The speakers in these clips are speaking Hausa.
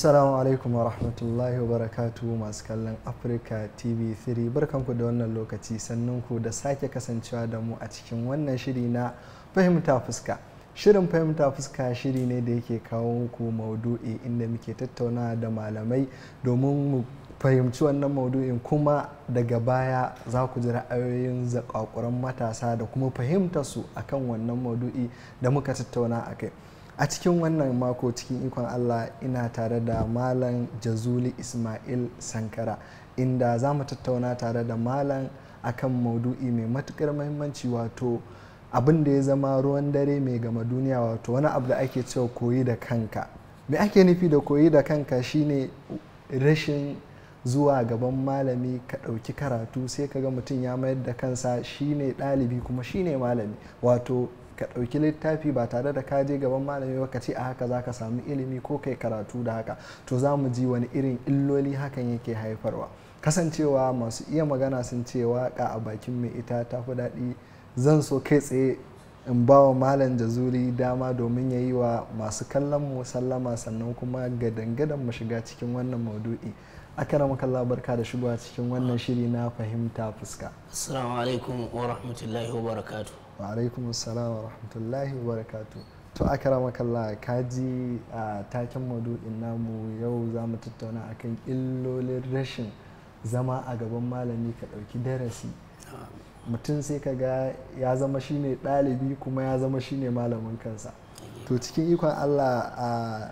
Assalamu alaikum wa rahmatullahi wa barakatu masu kallon Africa TV3 barkanku da wannan lokaci sannunku da sake kasancewa da mu a cikin wannan shiri na fahimta fuska. Shirin fahimta fuska shiri ne da yake kawo muku maudu'i inda muke tattauna da malamai domin mu fahimci wannan maudu'in kuma daga baya za ku ji ra'ayoyin zakakuran matasa da kuma fahimta su akan wannan maudu'i da muka tattauna a kai. a cikin wannan mako cikin ikon allah ina tare da malam jazuli ismail sankara inda za mu tattauna tare da malam akan maudu'i mai matukar mahimmanci wato abin da ya zama ruwan dare mai gama duniya wato wani abu da ake cewa koyi da kanka me ake nufi da koyi da kanka shine rashin zuwa gaban malami ka ɗauki karatu sai ka ga mutum ya mayar da kansa shine ɗalibi kuma shine malami wato ka ɗauki littafi ba tare da ka je gaban malami ba ka ce a haka za ka samu ilimi ko kai karatu da haka to za mu ji wani irin illoli hakan yake haifarwa kasancewa masu iya magana sun ce waƙa a bakin mai ita ta fi daɗi zan so kai tsaye in ba wa malam jazuri dama domin ya yi wa masu kallon mu sallama sannan kuma ga dangadan mu shiga cikin wannan maudu'i akaramaka Allah barka da shigowa cikin wannan shiri na fahimta fuska assalamu alaikum wa rahmatullahi wa barakatu wa alaikum assalam wa rahmatullahi wa barakatu to akaramaka Allah kaji a taken maudu'in namu yau za mu tattauna akan illolin rashin zama a gaban malami ka ɗauki darasi mutum sai ka ga ya zama shine ɗalibi kuma ya zama shine malamin kansa to cikin ikon Allah a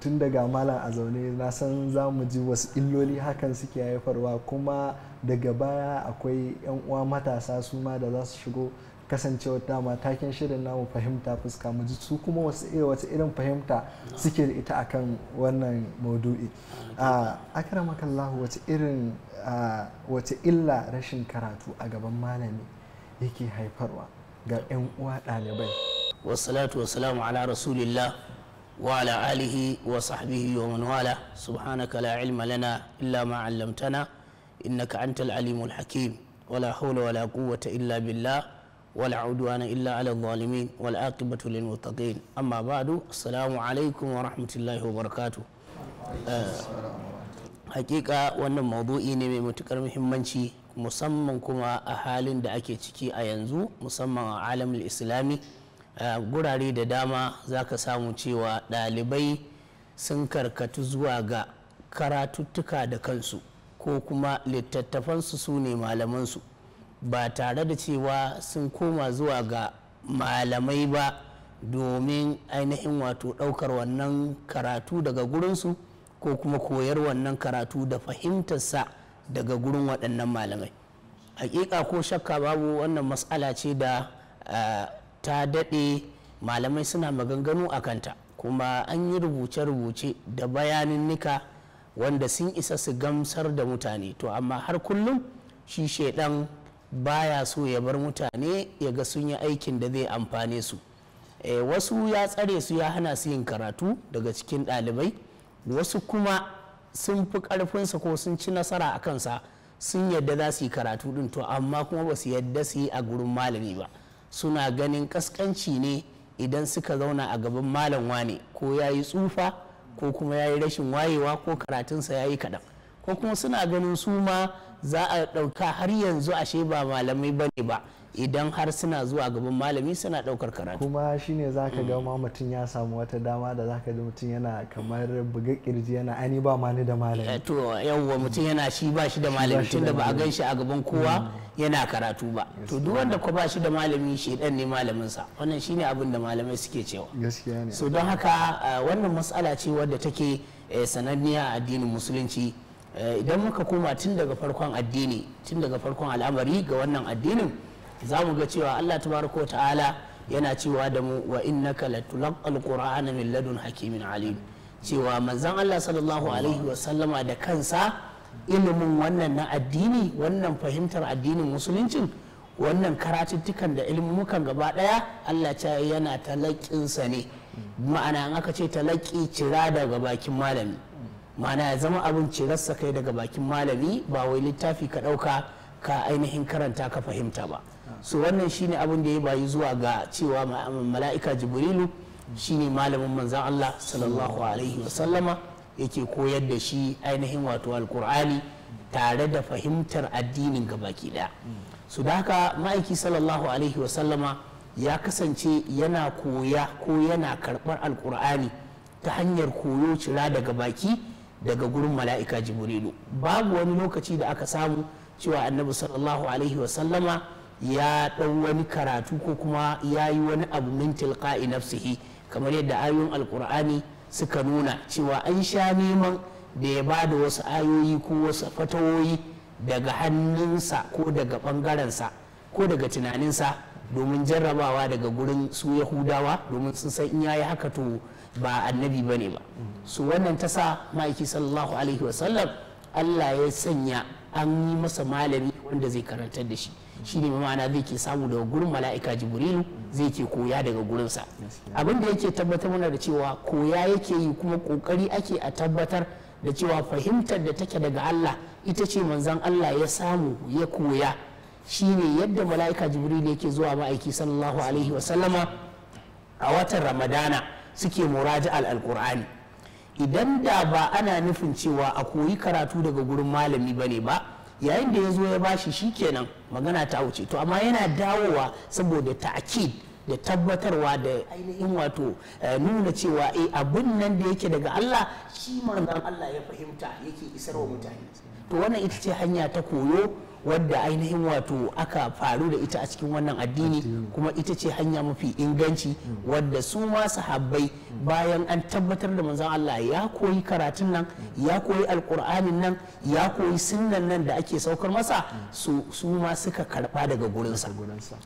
tun daga malam a zaune na san za mu ji wasu illoli hakan suke haifarwa kuma daga baya akwai 'yan uwa matasa su ma da za su shigo kasancewar dama taken shirin namu fahimta fuska mu ji su kuma wasu eh, irin fahimta suke da ita akan wannan maudu'i ah, ah, akramakallahu wace irin ah, wace illa rashin karatu a gaban malami yake haifarwa ga 'yan uwa ɗalibai wasu wasu salamu ala rasulillah وعلى آله وصحبه ومن والاه سبحانك لا علم لنا إلا ما علمتنا إنك أنت العليم الحكيم ولا حول ولا قوة إلا بالله ولا عدوان إلا على الظالمين والعاقبة للمتقين أما بعد السلام عليكم ورحمة الله وبركاته hakika wannan maudu'i ne mai matukar muhimmanci musamman kuma a halin da ake ciki a yanzu musamman a alamul islami gurare da dama za ka samu cewa ɗalibai sun karkatu zuwa ga karatuttuka da kansu ko kuma littattafansu su ne malamansu ba tare da cewa sun koma zuwa ga malamai ba domin ainihin wato ɗaukar wannan karatu daga gurinsu ko kuma koyar wannan karatu da fahimtarsa daga gurin waɗannan malamai hakika ko shakka babu wannan matsala ce da ta daɗe malamai suna maganganu a kanta kuma an yi rubuce-rubuce da bayaninnika wanda sun isa su gamsar da mutane to amma har kullum shi shaidan baya so ya bar mutane ya ga sun yi aikin da zai amfane su e, wasu ya tsare su ya hana su yin karatu daga cikin ɗalibai wasu kuma sun fi ƙarfinsa ko sun ci nasara a kansa sun yadda za su yi karatu ɗin to amma kuma ba su yadda su yi a gurin malami ba suna ganin kaskanci ne idan suka zauna a gaban malam wane ko ya yi tsufa ko kuma ya yi rashin wayewa ko karatunsa ya yi kaɗan ko kuma suna ganin su ma za a ɗauka har yanzu ashe ba malamai ba ne ba idan har suna zuwa gaban malami suna daukar karatu kuma shine zaka ga ma mutum ya samu wata dama da zaka ji mutum yana kamar buga kirji yana ani ba ma ni da malami eh, to yawwa mutum yana shi ba shi da malami tunda ba a gan shi a gaban kowa mm. yana karatu ba to duk wanda ko ba shi da malami idan ne malamin sa wannan shine abin da malamai suke cewa gaskiya ne so don haka eh, wannan matsala ce wadda take eh, sananniya a addinin musulunci idan muka koma tun daga farkon addini tun daga farkon al'amari ga wannan addinin za mu ga cewa Allah tabaraka ta'ala yana cewa da mu wa innaka latulqal qur'ana min ladun hakimin alim cewa manzon Allah sallallahu alaihi wa sallama da kansa ilimin wannan na addini wannan fahimtar addinin musuluncin wannan karatuttukan da ilmukan gaba daya Allah ta yana sa ne ma'ana in aka ce talaki cira daga bakin malami ma'ana ya zama abin cirarsa kai daga bakin malami ba wai littafi ka ɗauka ka ainihin karanta ka fahimta ba so wannan shine abin da ya bayi zuwa ga cewa mala'ika jibrilu shine malamin manzan Allah sallallahu alaihi wa sallama yake koyar da shi ainihin wato alkur'ani tare da fahimtar addinin gabaki daya su da haka ma'aiki sallallahu alaihi wa sallama ya kasance yana koya ko yana karɓar alkur'ani ta hanyar koyo cira daga baki daga gurin mala'ika jibrilu babu wani lokaci da aka samu cewa annabi sallallahu alaihi wa sallama. ya ɗau wani karatu ko kuma ya yi wani abu min tilqa'i nafsihi kamar yadda ayoyin alkur'ani suka nuna cewa an sha neman da ya bada wasu ayoyi ko wasu fatawoyi daga hannunsa ko daga ɓangarensa ko daga tunaninsa domin jarrabawa daga gurin su yahudawa domin sun san in yayi haka to ba annabi ba ne ba su wannan ta sa ma'aiki sallallahu alaihi wasallam allah ya sanya an yi masa malami wanda zai karantar da shi shine ma'ana zai ke samu daga gurin mala'ika jibrilu zai ke koya daga gurinsa abinda da yake tabbatar mana da cewa koya yake yi kuma kokari ake a tabbatar da cewa fahimtar da take daga Allah ita ce manzan Allah ya samu ya koya shine yadda mala'ika ya yake zuwa ma'aiki sallallahu alaihi wa sallama a watan ramadana suke al alqur'ani idan da ba ana nufin cewa a koyi karatu daga gurin malami bane ba yayin da ya zo ya bashi shikenan magana ta wuce to amma yana dawowa saboda ta'akid da tabbatarwa da ainihin wato eh, nuna cewa eh abin nan da yake daga Allah shi manzon Allah ya fahimta yake isarwa mutane to wannan ita ce hanya ta koyo wadda ainihin wato aka faru da ita a cikin wannan addini kuma ita ce hanya mafi inganci wadda su ma sahabbai bayan an tabbatar da manzon Allah ya koyi karatun nan ya koyi alkur'anin nan ya koyi sunnan nan da ake saukar masa su ma suka karba daga gurinsa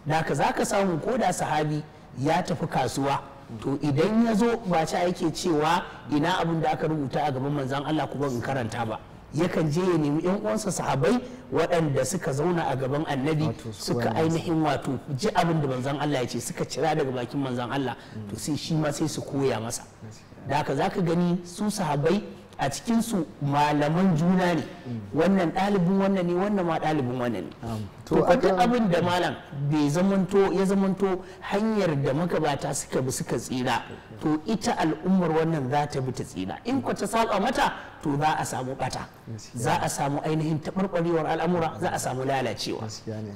da ka za ka samu ko da sahabi ya tafi kasuwa to idan ya zo ba ci ake cewa ina abin da aka rubuta a gaban manzon Allah kuma in karanta ba yakan je ya nemi yan uwansa sahabai waɗanda suka zauna a gaban annabi suka ainihin wato ji abin da manzon Allah ya ce suka cira daga bakin manzon Allah to sai shi ma sai su koya masa da haka zaka gani su sahabai a cikinsu malaman juna ne wannan ɗalibin wannan ne wannan ma ɗalibin wannan ne to duk abin da malam bai zamanto ya zamanto hanyar da magabata suka bi suka tsira to ita al'ummar wannan za ta bi ta tsina in ko ta saba mata to za a samu bata za a samu ainihin taɓarɓarewar al'amura za a samu lalacewa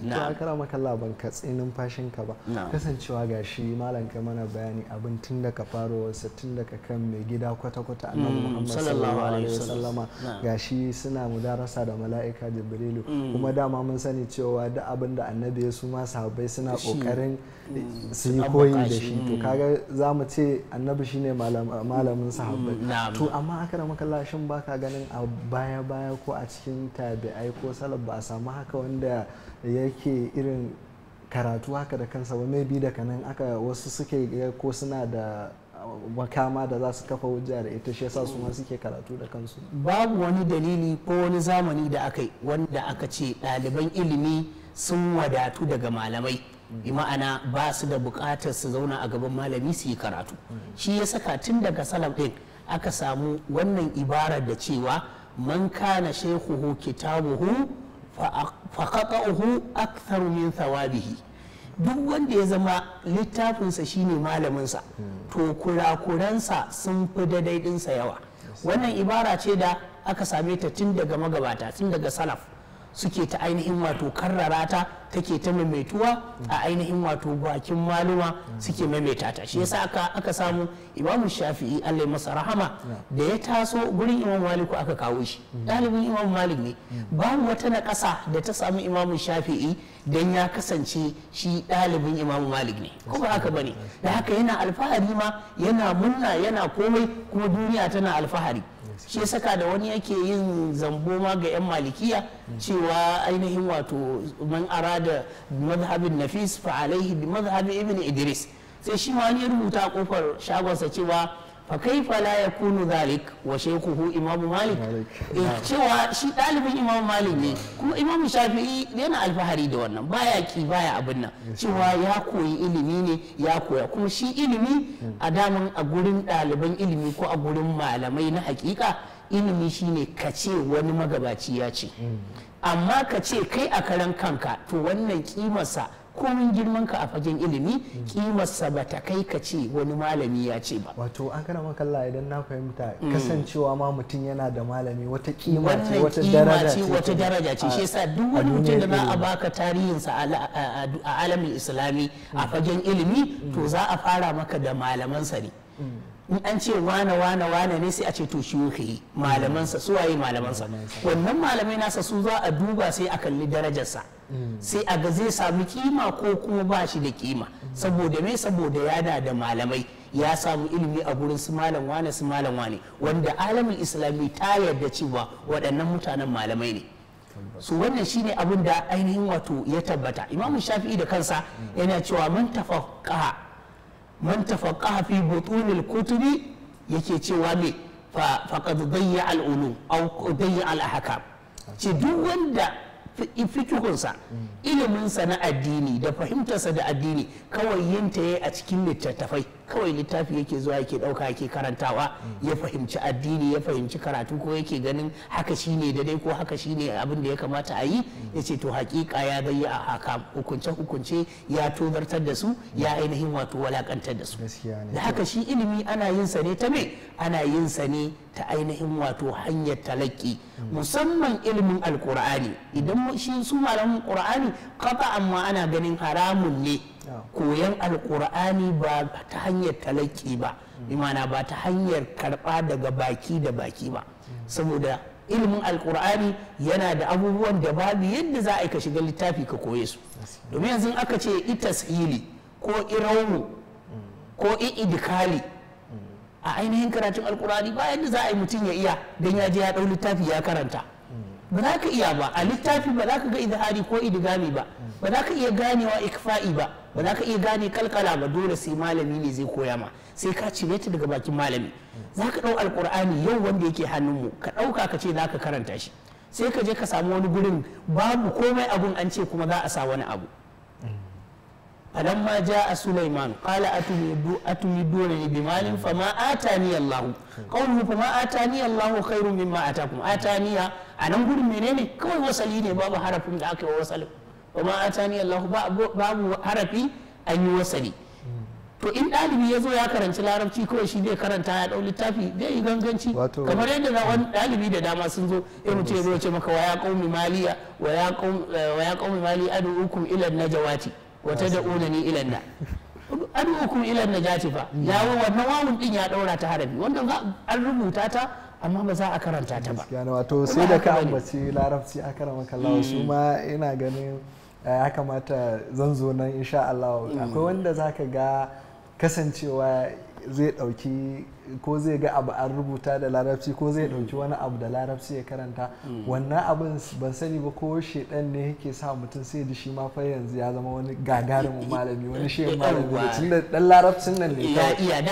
na kara makalla ban ka tsinin fashin ka ba kasancewa ga shi malam ka mana bayani abin tun daga farowarsa tun daga kan mai gida kwata-kwata annabi mm, muhammad sallallahu alaihi wasallama ga suna mudarasa da mala'ika jibrilu mm. kuma dama mun sani cewa da abin da annabi ya su ma sahabbai suna kokarin mm. su yi koyi da shi to kaga za mu ce annabi shine malamin sahabbai mm, to amma aka rama kallashin baka ganin a baya baya ko a cikin tabi'ai ko salaf ba a samu haka wanda yake irin karatu haka da kansa ba mai bi da kanan aka wasu suke ko suna da makama da za su kafa hujja da ita shi su ma suke karatu da kansu babu wani dalili ko wani zamani da aka wanda aka ce ɗaliban ilimi sun wadatu daga malamai bi ma'ana ba su da bukatar su zauna a gaban malami su yi karatu shi ya saka tun daga salaf ɗin aka samu wannan ibarar da cewa man kana shaykhuhu kitabuhu fa qata'uhu akthar min thawabihi duk wanda ya zama littafinsa shine malamin sa to kurakuransa sun fi daidainsa yawa wannan ibara ce da aka same ta tun daga magabata tun daga salaf suke ta ainihin wato karrara ta take ta maimaituwa a ainihin wato bakin maluma suke maimaita ta shi yasa aka aka samu imamu shafi'i allai masa rahama da ya taso gurin imam maliku aka kawo shi dalibin imam malik ne babu wata na kasa da ta samu imamu shafi'i dan ya kasance shi dalibin imam malik ne ko ba haka bane da haka yana alfahari ma yana munna yana komai kuma duniya tana alfahari shi ya saka da wani yake yin zambo ma ga 'yan malikiya cewa ainihin wato man da mazhabin nafis fa alaihi mazhabi ibn idris sai shi ma wani ya rubuta kofar shagonsa cewa fa fala ya yakunu zalik wa shaykhuhu imam malik cewa shi dalibin imam malik ne kuma imam shafi'i yana alfahari da wannan baya ki baya abin nan cewa ya koyi ilimi ne ya koya kuma shi ilimi a daman a gurin daliban ilimi ko a gurin malamai na hakika ilimi shine ka ce wani magabaci ya ce amma ka ce kai a karan kanka to wannan kimarsa komin girman ka a fagen ilimi kimarsa ba ta kai ka ce wani malami ya ce ba wato an kana makalla idan na fahimta mm. kasancewa ma mutum yana da malami wata kima ce wata daraja ce wata daraja ce shi yasa duk wani mutum da za a baka tarihinsa a alamin islami a mm. fagen ilimi to mm. za a fara maka da malamansa ne in an ce wane wane wane ne sai a ce to shi yi malamansa su waye malamansa wannan malamai nasa su za a duba sai a kalli darajarsa mm. sai a ga zai sami kima ko kuma ba shi da kima saboda me saboda yana da malamai ya samu ilimi a gurin su malam wane su malam wane wanda alamin islami ta yarda cewa waɗannan mutanen malamai ne su wannan shine abin da ainihin wato ya tabbata imamu shafi'i da kansa mm. yana cewa man tafaqaha man tafaqaha fi butunil kutubi yake cewa me faqad dayya al a aw dayya ce duk wanda fitukunsa iliminsa na addini da fahimtarsa da addini kawai yinta yayi a cikin littattafai kawai littafi yake zuwa yake ɗauka yake karantawa ya fahimci addini ya fahimci karatu ko yake ganin haka shine da dai ko haka shine abin da ya kamata a yi ya ce to hakika ya bayi a haka hukunce hukunce ya tozartar da su ya ainihin wato walakantar da su da haka shi ilimi ana yin sa ne ta me ana yin sa ne ta ainihin wato hanyar talaki musamman ilimin alkur'ani idan shi su malamin qur'ani kafa amma ana ganin haramun ne koyan alkur'ani ba ta hanyar talaki ba imana ba ta hanyar karɓa daga baki da baki ba saboda ilimin alkur'ani yana da abubuwan da babu yadda za a ka shiga littafi ka koye su domin yanzu aka ce ita itashili ko irawu ko i'idikali a ainihin karatun alkur'ani ba yadda za a yi mutum ya iya don ya je ya ɗau littafi ya karanta ba za ka iya ba a littafi ba za ka ga izhari ko idigami ba ba za ka iya ganewa ikfa'i ba ba za ka iya gane kalkala ba dole sai malami ne zai koya ma sai ka cire ta daga bakin malami za ka ɗau alkur'ani yau wanda yake hannunmu ka ɗauka ka ce za ka karanta shi sai ka je ka samu wani gurin babu komai abun an ce kuma za a sa wani abu ma dole ne فلما جاء lahu قال أتمدونني بمال فما آتاني الله قوله فما آتاني الله خير مما آتاكم آتاني أنا أقول منين كم وصليني بابا حرفهم ذاك wasali. wa ma atani Allah babu harafi an yi wasali to in dalibi ya zo ya karanci larabci kawai shi zai karanta ya dau littafi zai yi ganganci kamar yadda na wani dalibi da dama sun zo ya mutu ya zo ce maka wa ya qaumi maliya wa ya qaumi mali ad'ukum ila najawati wa tad'unani ila na ad'ukum ila najati fa ya wannan wawun din ya daura ta harafi wannan an rubuta ta amma ba za a karanta ta ba wato sai da ka ambaci larabci a karamaka kallawa su ma ina ganin Eh, ya kamata zan zo nan insha Allah mm. akwai wanda zaka ga kasancewa zai ɗauki ko zai ga abu an rubuta da larabci ko zai ɗauki wani abu da larabci ya karanta mm. wannan abin ban sani ba ko shedan ne yake sa mutum sai da shi ma fa yanzu ya zama wani gagarin malami wani shehin malami da tun da dan larabcin nan ne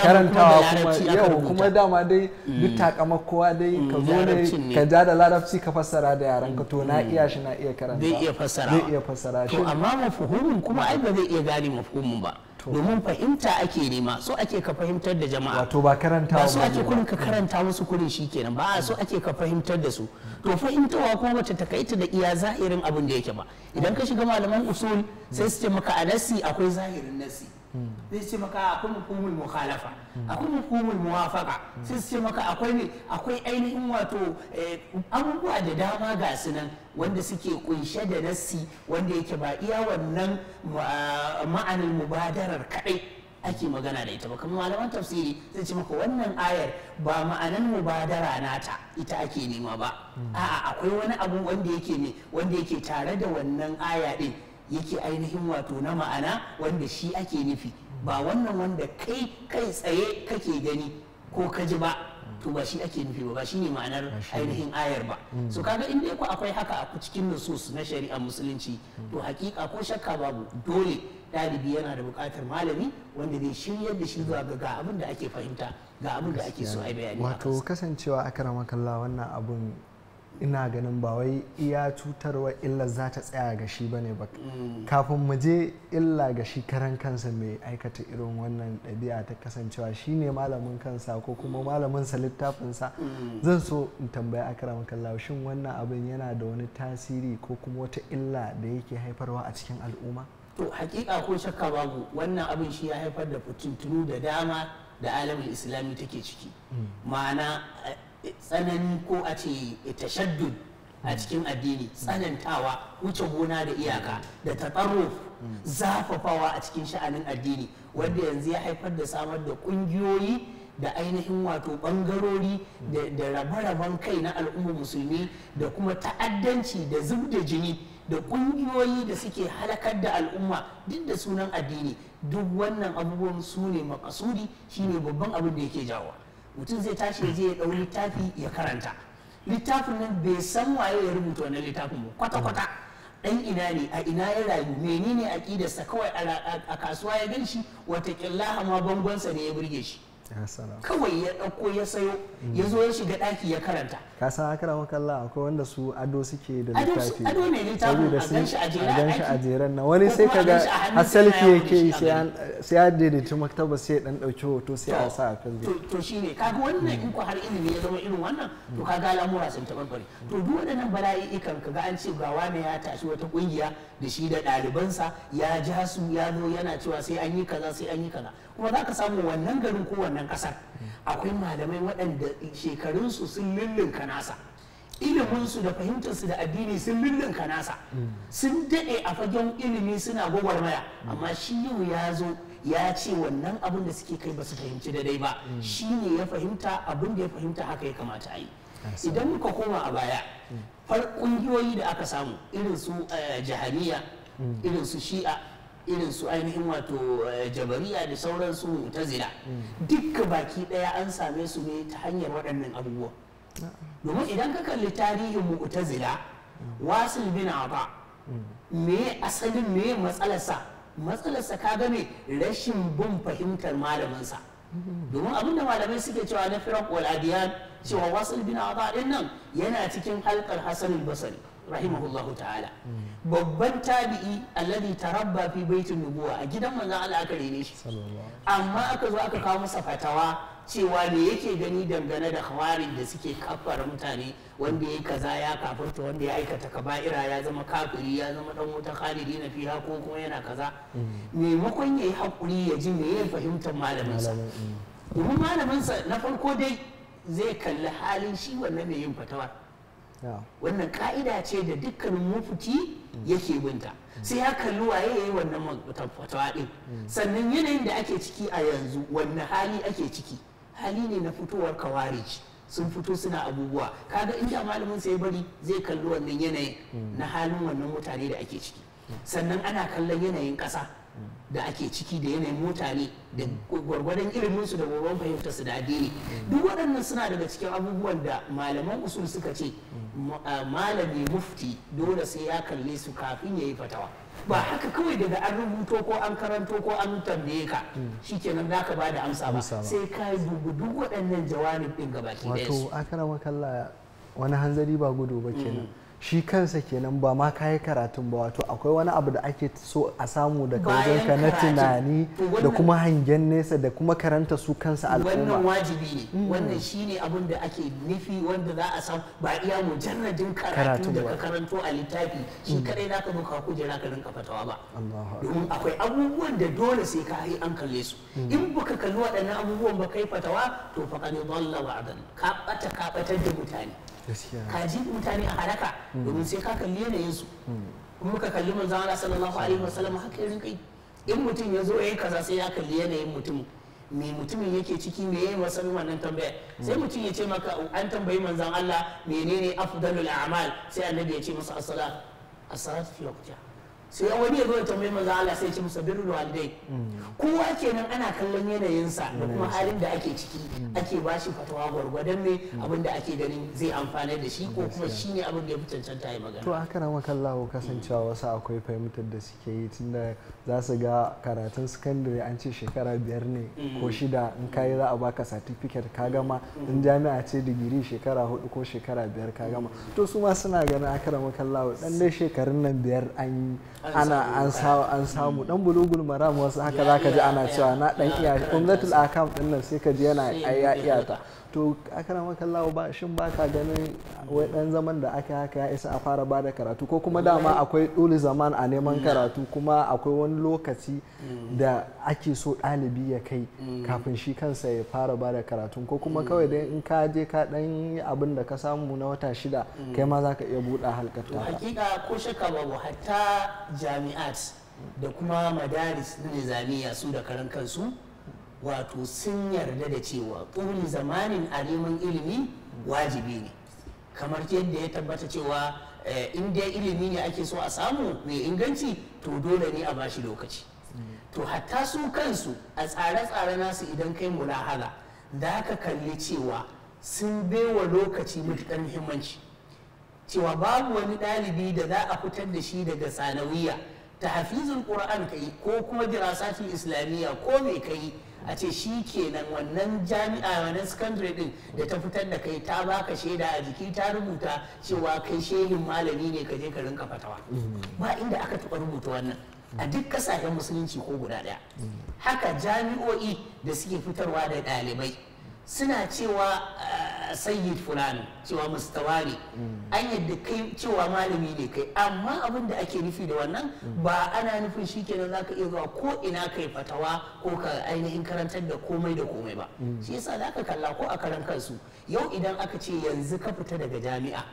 karantawa kuma yau kuma dama dai mm. duk takamar kowa dai mm, ka zo ne ka ja da larabci ka fassara da yaran ka to na iya shi na iya karanta zai iya fassara to amma mafhumin kuma ai ba zai iya gane mafhumin ba domin fahimta ake nema so ake ka fahimtar da jama'a wato ba karanta ba so ake kurin ka karanta musu shi shikenan ba so ake ka fahimtar da su to fahimtawa kuma bata kaita da iya zahirin abin da yake ba idan ka shiga malaman usul sai su ce maka a akwai zahirin nasi zai ce maka akwai hukumul mukhalafa hmm. akwai hukumul muwafaqa sai su ce maka akwai ne akwai ainihin wato eh, abubuwa da dama ga su nan wanda suke kunshe da nassi wanda yake ba iya wannan ah, ma'anar mubadarar kadai ake magana da ita ba kuma malaman tafsiri zai ce maka wannan ayar ba ma'anan mubadara nata ita ake nema ba hmm. a'a akwai wani abu wanda yake ne wanda yake tare da wannan aya din yake ainihin wato na ma'ana wanda shi ake nufi ba wannan wanda kai kai tsaye kake gani ko ka ji ba to ba shi ake nufi ba ba shine ma'anar ainihin ayar ba hmm. so kaga inda dai ku akwai haka a cikin nusus na shari'ar musulunci to hakika ko shakka babu dole ɗalibi yana da buƙatar malami wanda zai shirya da shi zuwa ga abin da ake fahimta ga abin da ake so a bayani wato kasancewa akaramar kallawa wannan abun ina ganin ba wai iya cutarwa illa za ta tsaya ga shi bane ba mm. kafin mu je illa ga shi karan kansa mai aikata irin wannan ɗabi'a ta kasancewa shine malamin kansa ko kuma malamin sa littafinsa mm. zan so in tambaya akram kallahu shin wannan abin yana da wani tasiri ko kuma wata illa da yake haifarwa a cikin al'umma to hakika ko shakka babu wannan abin shi ya haifar da fitintunu da dama da alamin islami take ciki mm. ma'ana tsanani ko a ce tashaddud a cikin addini tsanantawa wuce gona da iyaka da tatsarruf zafafawa a cikin sha'anin addini wanda yanzu ya haifar da samar da ƙungiyoyi da ainihin wato ɓangarori da rabe-raben kai na al'umma musulmi da kuma ta'addanci da zub da jini da ƙungiyoyi da suke halakar da al'umma duk da sunan addini duk wannan abubuwan su ne makasudi shine babban abin da yake jawo. mutum zai tashi ya je ya ɗau littafi ya karanta littafin nan bai san waye ya rubuta wannan littafin ba kwata-kwata dan ina ne a ina ya rayu menene aƙidarsa kawai a kasuwa ya gan shi wata ma bangonsa ne ya burge shi kawai ya ɗauko ya sayo ya zo ya shiga ɗaki ya karanta ka san haka rawan kalla akwai wanda su ado suke da littafi ado ne littafin a ganshi a jere a ganshi a jeren nan wani sai ka ga har yake yi sai ya daidaita maktaba sai ya dan ɗauki hoto sai a sa a kan to shine kaga wannan in hmm. ko har ilimi ya zama irin wannan to ka kaga lamura sun tabarbare to duk waɗannan bala'i'ikan ga an ce ga wani ya tashi wata ƙungiya da shi da ɗalibansa ya ja su ya zo yana cewa sai an yi kaza sai an yi kaza kuma za ka samu wannan garin ko wannan kasar akwai malamai waɗanda shekarunsu sun lullunka nasa iliminsu da fahimtarsu da addini sun lullunka nasa sun daɗe a fagen ilimi suna gwagwarmaya amma shi yau ya zo ya ce wannan abin da suke kai ba su fahimci daidai ba shi ne ya fahimta abin da ya fahimta haka ya kamata a yi idan muka koma a baya far ƙungiyoyi da aka samu irin su eh, jahaniya irin su shi'a irin su ainihin wato eh, jabariya da sauransu mutazila mm. dukka baki daya an same su ne ta hanyar waɗannan abubuwa domin idan ka kalli tarihin mu'tazila mm. wasil bin ba mm. me asalin me matsalarsa matsalarsa ka game rashin bin fahimtar malamansa domin abinda malamai suke cewa na firak wal adiyan cewa wasil bin ba din nan yana cikin halkar hasan basari rahimahullahu ta'ala babban tabi'i alladhi tarabba fi baitin nubuwa a gidan manzon Allah aka rene shi amma aka zo aka kawo masa fatawa cewa me yake gani dangane da khawarin da suke kafara mutane wanda yayi kaza ya kafarta wanda ya aikata kaba'ira ya zama kafiri ya zama dan wuta khalidi na fiha ko kuma yana kaza mm. maimakon yayi hakuri ya ji me ya fahimtar malaminsa sa malaminsa mm. na farko dai zai kalli halin shi wannan mai yin fatawar wannan ka'ida ce da dukkanin mafuti yake binta sai ya kalli waye yi wannan fatawa mm. sannan yanayin da ake ciki a yanzu wanne hali ake ciki hali ne na fitowar kawarij sun fito suna abubuwa kaga inda malamin sai bari zai kalli wannan yanayin mm. na halin wannan mutane da ake ciki mm. sannan ana kallon yanayin ƙasa da ake ciki da yanayin mutane da gwargwadon iliminsu da gwargwadon fahimtarsu da addini duk waɗannan suna daga cikin abubuwan da malaman usul suka ce malami mufti dole sai ya kalle su kafin ya yi fatawa ba haka kawai daga an rubuto ko an karanto ko an tambaye ka shi ke za ka ba da amsa ba sai ka yi dubu duk waɗannan jawanin ɗin gabaki ɗaya su wato akara makalla wani hanzari ba gudu ba kenan mm. shi kansa kenan ba ma kayi karatun ba wato akwai wani abu da ake so a samu daga wajen ka na tunani da kuma hangen nesa da kuma karanta su kansa al'umma wannan wajibi ne mm. wannan shine abin da ake nufi wanda za a samu ba iya mujarradin karatu da karanto a littafi shi mm. kadai zaka zo ka kujera ka rinka fatawa ba domin akwai abubuwan da dole sai ka yi an kalle su mm. in baka kalli waɗannan abubuwan ba kai fatawa to fa qad dalla wa'dan ka bata ka bata da mutane ka ji mutane a hadaka domin sai ka kalli su kuma muka kalli manzo Allah sallallahu alaihi wasallam haka irin kai in mutum ya zo yi kaza sai ya kalli yanayin mutum me mutumin yake ciki me yayi masa wannan tambaya sai mutum ya ce maka an tambayi manzon Allah menene afdalul a'mal sai annabi ya ce masa as-salat as-salat fi waqtiha sai wani ya tambayi manzo sai ce musa birrul walidai kowa kenan ana kallon yanayinsa da kuma halin da ake ciki mm. ake bashi fatawa gwargwadon ne abin da ake ganin zai amfana da shi ko kuma shi ne abin da ya fi canta ya magana to haka na ko kasancewa wasu akwai fahimtar da suke yi tunda za su ga karatun sakandare an ce shekara biyar ne mm. ko shida in kai za a baka satifiket ka gama mm. in jami'a ce digiri shekara hudu ko shekara biyar ka gama to su ma suna ganin akara makallawo dan dai shekarun nan biyar an yi ana an an samu dan bulugul maram wasu haka zaka ji ana cewa na dan iya gwamnatin akam din nan sai ka ji yana ya iya ta to akana lawo ba shin ba ka ganin wai dan zaman da aka haka ya isa a fara ba da karatu ko kuma dama akwai dole zaman a neman mm. karatu kuma akwai wani lokaci mm. da ake so ɗalibi ya kai mm. kafin shi kansa ya fara ba da karatu ko kuma kawai dai in ka je ka dan yi abin da ka samu na wata shida kai ma za ka iya buɗe halkar ta hakika ko shakka babu hatta jami'at da kuma madaris na nizamiya su da karan kansu wato sun yarda da cewa ƙuri zamanin aliman ilimi wajibi ne kamar yadda ya tabbata cewa eh, in ilimi ne ake so a samu mai inganci to dole ne a bashi lokaci to hatta su kansu a tsare-tsare nasu idan kai mulahala da ka kalli cewa sun baiwa lokaci matuƙar muhimmanci cewa babu wani ɗalibi da za a fitar da shi daga sanawiya ta hafizin ƙura'an ka yi ko kuma dirasatin islamiyya ko mai ka yi a ce shi kenan wannan jami'a wannan secondary din da ta fitar da kai ta baka shaida a jiki ta rubuta cewa kai shehin malami ne ka je ka rinka fatawa ba inda aka taɓa rubuta wannan a duk kasashen musulunci ko guda ɗaya haka jami'o'i da suke fitarwa da ɗalibai suna cewa sayyid fulani cewa mustawani an yadda kai cewa malami ne kai amma abin da ake nufi da wannan ba ana nufin shi za ka iya zuwa ko ina kai fatawa ko ka ainihin karantar da komai da komai ba shi yasa zaka kalla ko a karan kansu yau idan aka ce yanzu ka fita daga jami'a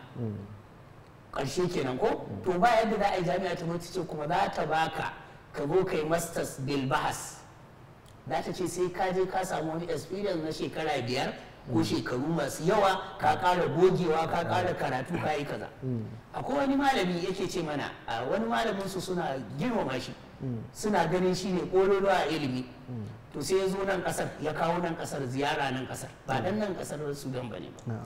karshe kenan ko to ba yadda za a yi jami'a ta mutu ce kuma za ta baka ka zo kai masters bil bahas za ta ce sai ka je ka samu wani experience na shekara biyar ko shekaru masu yawa ka kara mm. gogewa ka kara mm. karatu ka yi kaza mm. akwai wani malami yake ce mana a wani malamin su suna girmama shi suna ganin shi ne ƙololo a ilimi to sai ya zo nan ƙasar ya kawo nan ƙasar ziyara nan ƙasar ba dan nan ƙasar su ba ne ba da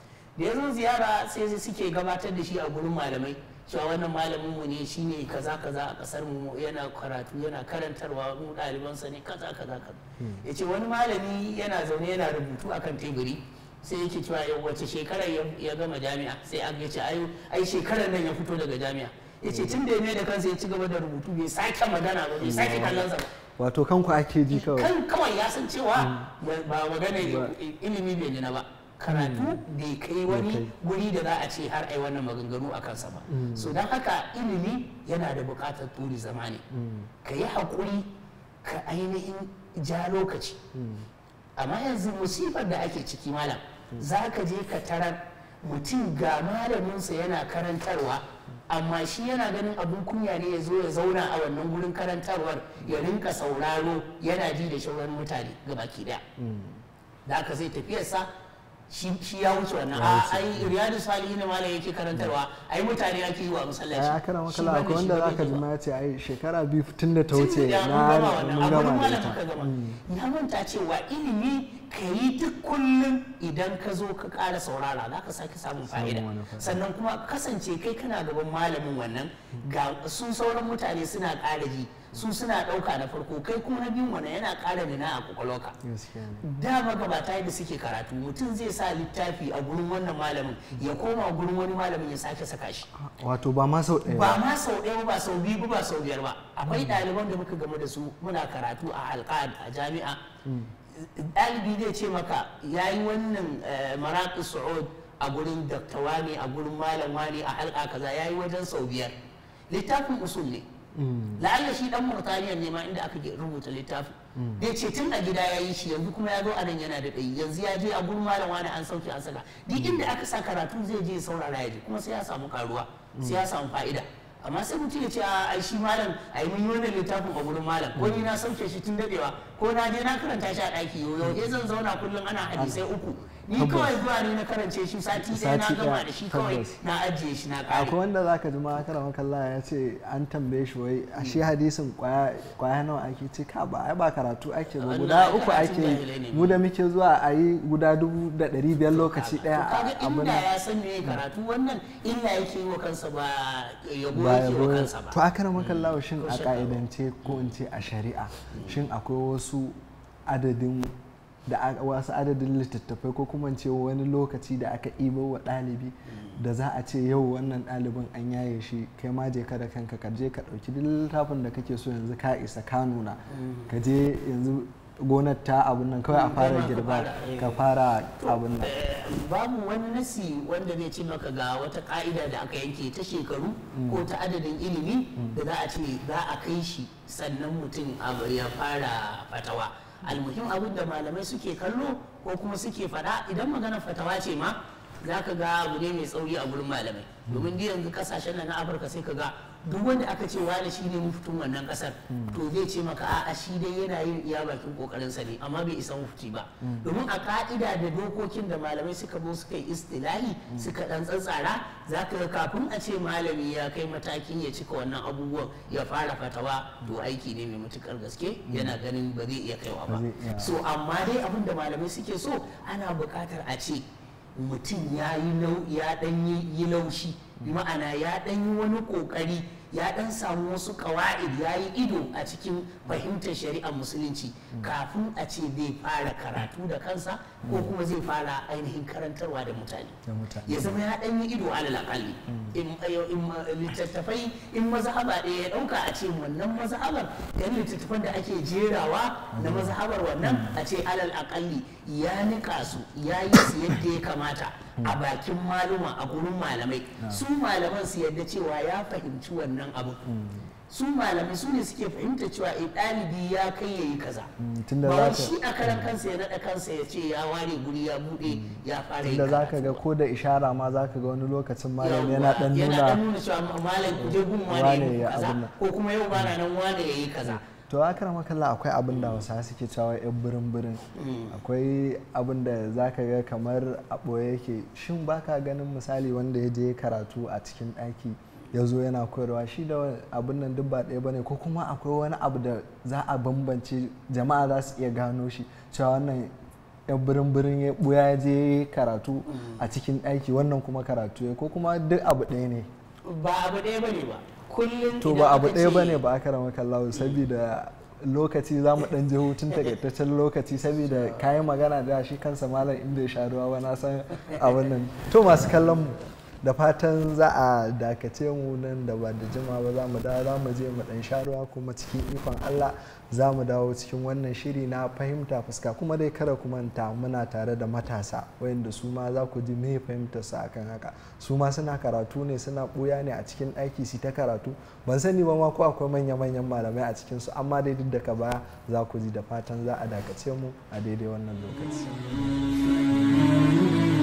ya zo ziyara sai suke gabatar da shi a gurin malamai cewa wannan malamin mu ne shine kaza kaza a kasar mu yana karatu yana karantarwa mu ɗalibansa ne kaza kaza kaza hmm. yace wani malami yana zaune yana rubutu akan teburi sai yake cewa wace shekarar ya gama jami'a sai an yace ayo ai shekarar nan ya fito daga jami'a yace tun da ya da kansa ya ci gaba da rubutu bai sake magana ba bai sake kallon ba wato kanku ake ji kawai kan kawai ya san cewa hmm. ba magana ilimi bai ba karatu hmm. bai kai wani guri da za a ce har ai wannan maganganu a kansa ba hmm. so don haka ilimi yana da bukatar turi zamani hmm. ka yi haƙuri ka ainihin ja lokaci amma yanzu musifar da ake ciki malam za ka je ka tarar mutum ga malaminsa yana karantarwa amma shi yana ganin abin kunya ne ya zo ya zauna a wannan gurin karantarwar ya rinka sauraro yana ji da shauran mutane ga baki daya da haka zai tafiyarsa shi ya wuce wannan a ai riyadu salihin yake karantarwa ai mutane ake yi wa masallaci ya kana makala akwai wanda zaka ji ma yace ai shekara biyu tun da ta wuce na mun gama da ita mm. na manta cewa ilimi ka duk kullum idan ka zo ka ƙara saurara za ka sake samun fa'ida sannan kuma kasance kai kana gaban malamin wannan ga sun sauran mutane suna ƙara ji su suna ɗauka na farko kai kuma na biyun wane yana ƙara rina a kwakwalwarka da magabata yadda suke karatu mutum zai sa littafi a gurin wannan malamin ya koma gurin wani malamin ya sake saka shi wato ba ma sau ɗaya ba ma sau ɗaya ba sau biyu ba sau biyar ba akwai ɗaliban da muka game da su muna karatu a alƙad a jami'a hmm. ɗalibi zai ce maka ya yi wannan eh, maraƙi su'ud a gurin daktawa ne a gurin malam ne a halƙa kaza ya yi wajen sau biyar littafin usul ne la'alla shi dan murtaniya ne ma inda aka rubuta littafi hmm. ya ce tun a gida ya yi shi yanzu kuma ya zo a nan yana da ɗayi yanzu ya je a gurin malam wani an sauke an saka duk inda hmm. aka sa karatu zai je saurara ya je kuma sai ya samu karuwa sai ya hmm. samu fa'ida amma sai mutum ya ce a shi malam ai mun yi wannan littafin a gurin malam ko ni na sauke shi tun dadewa ko na je na karanta shi a ɗaki yau yau zan zauna kullum ana hadisai uku ni kawai zuwa ne na karance shi sati ɗaya na gama da shi kawai na ajiye shi na kare akwai wanda zaka ji ma makalla ya ce an tambaye shi wai a shi hadisin kwaya nawa ake ce ka ba ai ba karatu ake ba guda uku ake yi mu da muke zuwa a yi guda dubu da ɗari biyar lokaci ɗaya a abin ya san me karatu wannan illa yake wa kansa ba yabo yake wa kansa ba to a karama kallah hmm. shin a ka'idance ko in ce a shari'a shin akwai wasu adadin da wasu adadin littattafai ko kuma ce wani lokaci da aka ibo wa ɗalibi da za a ce yau wannan ɗalibin an yaye shi kai ma je ka da kanka ka je ka ɗauki duk littafin da kake so yanzu ka isa ka nuna mm. ka je yanzu gonar ta abun nan kawai a mm. fara girba eh. ka fara abun nan eh, babu wani nasi wanda zai ce maka ga wata ka'ida da aka yanke ta shekaru mm. ko ta adadin ilimi da za a ce za a kai shi sannan mutum ya fara fatawa almuhim abin da malamai suke kallo ko kuma suke fada idan magana fatawa ce ma za ka ga abu ne mai tsauri a gurin malamai domin yanzu kasashen nan na afirka sai ka ga duk wanda aka ce wani shi ne muftin wannan kasar to zai ce maka a'a shi dai yana yin iya bakin kokarinsa ne amma bai isa mufti ba domin a ka'ida da dokokin da malamai suka zo suka yi istilahi suka dan tsantsara za ka kafin a ce malami ya kai matakin ya cika wannan abubuwan ya fara fatawa to aiki ne mai matukar gaske yana ganin ba zai iya kaiwa ba so amma dai abin da malamai suke so ana buƙatar a ce mutum ya yi laushi ma'ana ya ɗan yi wani ƙoƙari ya dan samu wasu kawa'id ya yi ido a cikin fahimtar shari'ar musulunci kafin a ce zai fara karatu da kansa ko kuma zai fara ainihin karantarwa da mutane ya zama ya dan yi ido alal akalli mm. in eh, eh, littattafai in mazhaba ɗaya ya dauka a ce wannan mazhabar dan littattafan da ake jerawa na mazhabar wannan mm. a ce alal akalli ya nika su ya yi su yadda ya kamata a bakin maluma a gurin malamai ah. su malaman su yadda cewa ya fahimci wannan abu hmm. su malamai su ne suke fahimta cewa a eh, ɗalibi ya kai ya yi kaza hmm, ba shi a karan hmm. kansa ya naɗa kansa ya ce ya ware guri ya buɗe ya fara yi kaza za ka ga ko da ishara ma za ka ga wani lokacin malam yana ɗan nuna cewa malam kuje gun wane ya yi kaza ko kuma yau ba na nan wane ya yi kaza to a karama kalla akwai abin da wasa suke cewa yan birin birin mm. akwai abin da za ka ga kamar a ɓoye yake shin ba ka ganin misali wanda ya je karatu a cikin ɗaki ya zo yana koyarwa shi da abin nan duk ba ɗaya bane ko kuma akwai wani abu da za a bambance jama'a za su iya gano shi cewa wannan yan birin birin ya ɓuya ya je karatu mm. a cikin ɗaki wannan kuma karatu ya ko kuma duk abu ɗaya ne ba abu ɗaya bane ba kullum to ba abu ɗaya bane ba aka rama kallawo saboda lokaci za mu ɗan je hutun takaitaccen lokaci saboda kayan magana da shi kansa malam inda ya sha ruwa ba na san abin nan to masu kallon mu da fatan za a dakace mu nan da ba da jima ba za mu dawo za mu je mu dan sharuwa kuma cikin ikon Allah za mu dawo cikin wannan shiri na fahimta fuska kuma dai kada ku manta muna tare da matasa wayanda su ma za ku ji me fahimtar su akan haka su ma suna karatu ne suna buya ne a cikin aiki su ta karatu ban sani ba ma ko akwai manya manyan malamai a cikin su amma dai duk daga baya za ku ji da fatan za a dakace mu a daidai wannan lokaci.